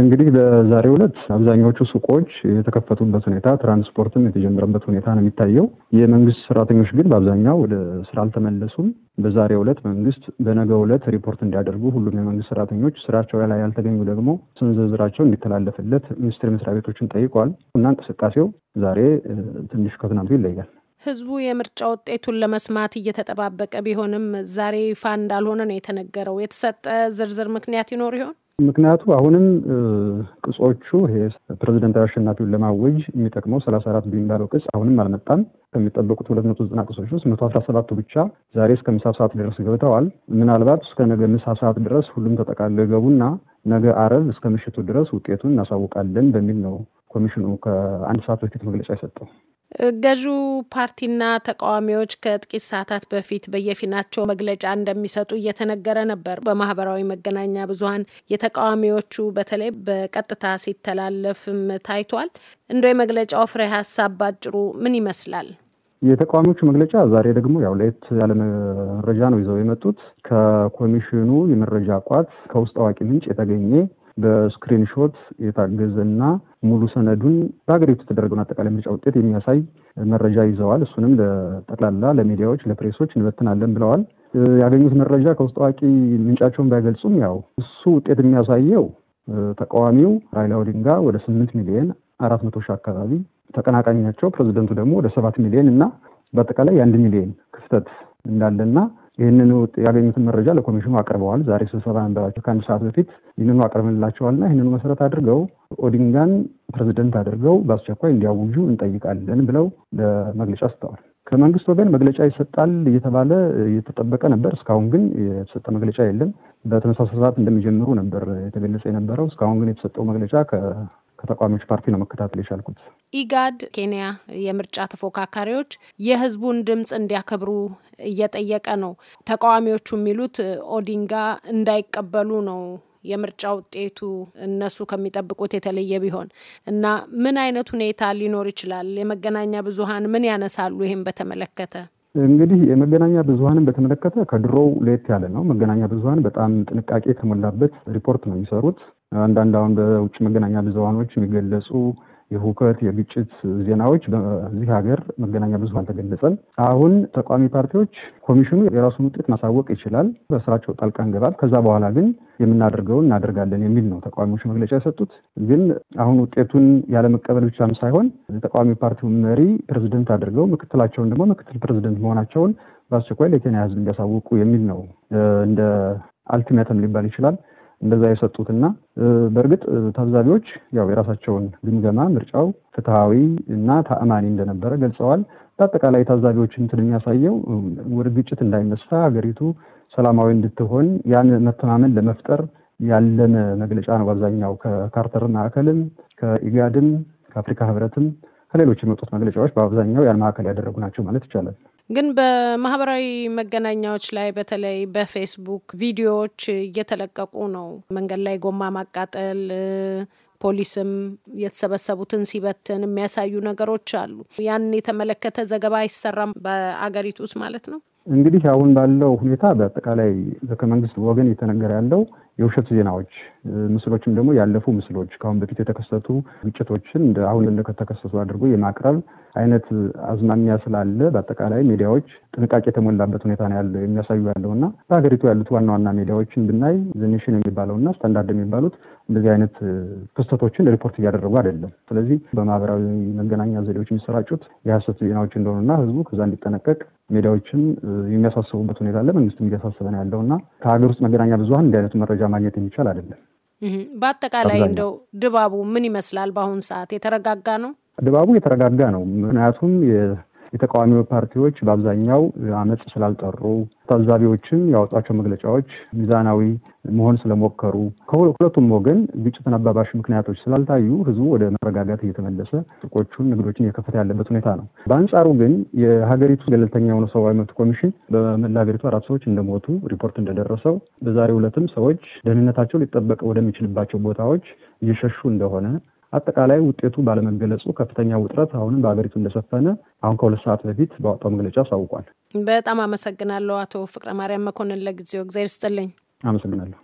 እንግዲህ በዛሬው ዕለት አብዛኛዎቹ ሱቆች የተከፈቱበት ሁኔታ ትራንስፖርትም የተጀመረበት ሁኔታ ነው የሚታየው። የመንግስት ሰራተኞች ግን በአብዛኛው ወደ ስራ አልተመለሱም። በዛሬው ዕለት መንግስት በነገው ዕለት ሪፖርት እንዲያደርጉ ሁሉም የመንግስት ሰራተኞች ስራቸው ላይ ያልተገኙ ደግሞ ስም ዝርዝራቸው እንዲተላለፍለት ሚኒስቴር መስሪያ ቤቶችን ጠይቋል እና እንቅስቃሴው ዛሬ ትንሽ ከትናንቱ ይለያል። ህዝቡ የምርጫ ውጤቱን ለመስማት እየተጠባበቀ ቢሆንም ዛሬ ይፋ እንዳልሆነ ነው የተነገረው። የተሰጠ ዝርዝር ምክንያት ይኖር ይሆን? ምክንያቱ አሁንም ቅጾቹ ፕሬዚደንታዊ አሸናፊውን ለማወጅ የሚጠቅመው ሰላሳ አራት የሚባለው ቅጽ አሁንም አልመጣም። ከሚጠበቁት ሁለት መቶ ዘጠና ቅጾች ውስጥ መቶ አስራ ሰባቱ ብቻ ዛሬ እስከ ምሳ ሰዓት ድረስ ገብተዋል። ምናልባት እስከ ነገ ምሳ ሰዓት ድረስ ሁሉም ተጠቃለው ገቡና ነገ አረብ እስከ ምሽቱ ድረስ ውጤቱን እናሳውቃለን በሚል ነው ኮሚሽኑ ከአንድ ሰዓት በፊት መግለጫ የሰጠው። ገዢው ፓርቲና ተቃዋሚዎች ከጥቂት ሰዓታት በፊት በየፊናቸው መግለጫ እንደሚሰጡ እየተነገረ ነበር። በማህበራዊ መገናኛ ብዙኃን የተቃዋሚዎቹ በተለይ በቀጥታ ሲተላለፍም ታይቷል። እንደ የመግለጫው ፍሬ ሀሳብ ባጭሩ ምን ይመስላል? የተቃዋሚዎቹ መግለጫ ዛሬ ደግሞ ያው ለየት ያለ መረጃ ነው ይዘው የመጡት ከኮሚሽኑ የመረጃ ቋት ከውስጥ አዋቂ ምንጭ የተገኘ በስክሪንሾት የታገዘ እና ሙሉ ሰነዱን በሀገሪቱ የተደረገውን አጠቃላይ ምርጫ ውጤት የሚያሳይ መረጃ ይዘዋል። እሱንም ለጠቅላላ ለሚዲያዎች፣ ለፕሬሶች እንበትናለን ብለዋል። ያገኙት መረጃ ከውስጥ አዋቂ ምንጫቸውን ባይገልጹም ያው እሱ ውጤት የሚያሳየው ተቃዋሚው ራይላ ኦዲንጋ ወደ ስምንት ሚሊዮን አራት መቶ ሺህ አካባቢ ተቀናቃኛቸው ፕሬዚደንቱ ደግሞ ወደ ሰባት ሚሊዮን እና በአጠቃላይ የአንድ ሚሊዮን ክፍተት እንዳለና ይህንኑ ያገኙትን መረጃ ለኮሚሽኑ አቅርበዋል። ዛሬ ስብሰባ ነበራቸው ከአንድ ሰዓት በፊት ይህንኑ አቅርበንላቸዋልና ይህንኑ መሰረት አድርገው ኦዲንጋን ፕሬዝደንት አድርገው በአስቸኳይ እንዲያውጁ እንጠይቃለን ብለው ለመግለጫ ሰጥተዋል። ከመንግስት ወገን መግለጫ ይሰጣል እየተባለ እየተጠበቀ ነበር። እስካሁን ግን የተሰጠ መግለጫ የለም። በተመሳሳይ ሰዓት እንደሚጀምሩ ነበር የተገለጸ የነበረው። እስካሁን ግን የተሰጠው መግለጫ ከተቃዋሚዎች ፓርቲ ነው መከታተል የቻልኩት። ኢጋድ ኬንያ የምርጫ ተፎካካሪዎች የህዝቡን ድምፅ እንዲያከብሩ እየጠየቀ ነው። ተቃዋሚዎቹ የሚሉት ኦዲንጋ እንዳይቀበሉ ነው የምርጫ ውጤቱ እነሱ ከሚጠብቁት የተለየ ቢሆን እና ምን አይነት ሁኔታ ሊኖር ይችላል? የመገናኛ ብዙሀን ምን ያነሳሉ? ይህም በተመለከተ እንግዲህ የመገናኛ ብዙሀንን በተመለከተ ከድሮው ለየት ያለ ነው። መገናኛ ብዙሀን በጣም ጥንቃቄ የተሞላበት ሪፖርት ነው የሚሰሩት። አንዳንድ አሁን በውጭ መገናኛ ብዙሀኖች የሚገለጹ የሁከት የግጭት ዜናዎች በዚህ ሀገር መገናኛ ብዙ አልተገለጸም። አሁን ተቃዋሚ ፓርቲዎች ኮሚሽኑ የራሱን ውጤት ማሳወቅ ይችላል፣ በስራቸው ጣልቃ እንገባል፣ ከዛ በኋላ ግን የምናደርገውን እናደርጋለን የሚል ነው ተቃዋሚዎች መግለጫ የሰጡት። ግን አሁን ውጤቱን ያለመቀበል ብቻም ሳይሆን የተቃዋሚ ፓርቲውን መሪ ፕሬዝደንት አድርገው ምክትላቸውን ደግሞ ምክትል ፕሬዝደንት መሆናቸውን በአስቸኳይ ለኬንያ ህዝብ እንዲያሳውቁ የሚል ነው እንደ አልቲሜተም ሊባል ይችላል እንደዛ የሰጡትና በእርግጥ ታዛቢዎች ያው የራሳቸውን ግምገማ ምርጫው ፍትሐዊ እና ተአማኒ እንደነበረ ገልጸዋል። በአጠቃላይ ታዛቢዎች እንትን የሚያሳየው ወደ ግጭት እንዳይነሳ ሀገሪቱ ሰላማዊ እንድትሆን ያን መተማመን ለመፍጠር ያለን መግለጫ ነው። በአብዛኛው ከካርተር ማዕከልም ከኢጋድም ከአፍሪካ ህብረትም ከሌሎች የመጡት መግለጫዎች በአብዛኛው ያን ማዕከል ያደረጉ ናቸው ማለት ይቻላል። ግን በማህበራዊ መገናኛዎች ላይ በተለይ በፌስቡክ ቪዲዮዎች እየተለቀቁ ነው። መንገድ ላይ ጎማ ማቃጠል፣ ፖሊስም የተሰበሰቡትን ሲበትን የሚያሳዩ ነገሮች አሉ። ያን የተመለከተ ዘገባ አይሰራም በአገሪቱ ውስጥ ማለት ነው። እንግዲህ አሁን ባለው ሁኔታ በአጠቃላይ ከመንግስት ወገን እየተነገረ ያለው የውሸት ዜናዎች፣ ምስሎችም ደግሞ ያለፉ ምስሎች ከአሁን በፊት የተከሰቱ ግጭቶችን አሁን እንደተከሰቱ አድርጎ የማቅረብ አይነት አዝማሚያ ስላለ በአጠቃላይ ሚዲያዎች ጥንቃቄ የተሞላበት ሁኔታ ነው ያለው የሚያሳዩ ያለው እና በሀገሪቱ ያሉት ዋና ዋና ሚዲያዎችን ብናይ ኔሽን የሚባለው እና ስታንዳርድ የሚባሉት እንደዚህ አይነት ክስተቶችን ሪፖርት እያደረጉ አይደለም። ስለዚህ በማህበራዊ መገናኛ ዘዴዎች የሚሰራጩት የሀሰት ዜናዎች እንደሆኑና ህዝቡ ከዛ እንዲጠነቀቅ ሚዲያዎችን የሚያሳስቡበት ሁኔታ አለ። መንግስትም እያሳስበ ነው ያለው እና ከሀገር ውስጥ መገናኛ ብዙሀን እንዲህ አይነቱ መረጃ መረጃ ማግኘት የሚቻል አይደለም። በአጠቃላይ እንደው ድባቡ ምን ይመስላል? በአሁኑ ሰዓት የተረጋጋ ነው? ድባቡ የተረጋጋ ነው። ምክንያቱም የተቃዋሚ ፓርቲዎች በአብዛኛው አመፅ ስላልጠሩ ታዛቢዎችም ያወጧቸው መግለጫዎች ሚዛናዊ መሆን ስለሞከሩ ከሁለቱም ወገን ግጭትን አባባሽ ምክንያቶች ስላልታዩ ህዝቡ ወደ መረጋጋት እየተመለሰ ሱቆቹን፣ ንግዶችን እየከፈተ ያለበት ሁኔታ ነው። በአንጻሩ ግን የሀገሪቱ ገለልተኛ የሆነ ሰብአዊ መብት ኮሚሽን በመላ ሀገሪቱ አራት ሰዎች እንደሞቱ ሪፖርት እንደደረሰው በዛሬው ዕለትም ሰዎች ደህንነታቸው ሊጠበቅ ወደሚችልባቸው ቦታዎች እየሸሹ እንደሆነ አጠቃላይ ውጤቱ ባለመገለጹ ከፍተኛ ውጥረት አሁንም በሀገሪቱ እንደሰፈነ አሁን ከሁለት ሰዓት በፊት በወጣው መግለጫ አሳውቋል። በጣም አመሰግናለሁ አቶ ፍቅረ ማርያም መኮንን ለጊዜው። እግዚአብሔር ይስጥልኝ። አመሰግናለሁ።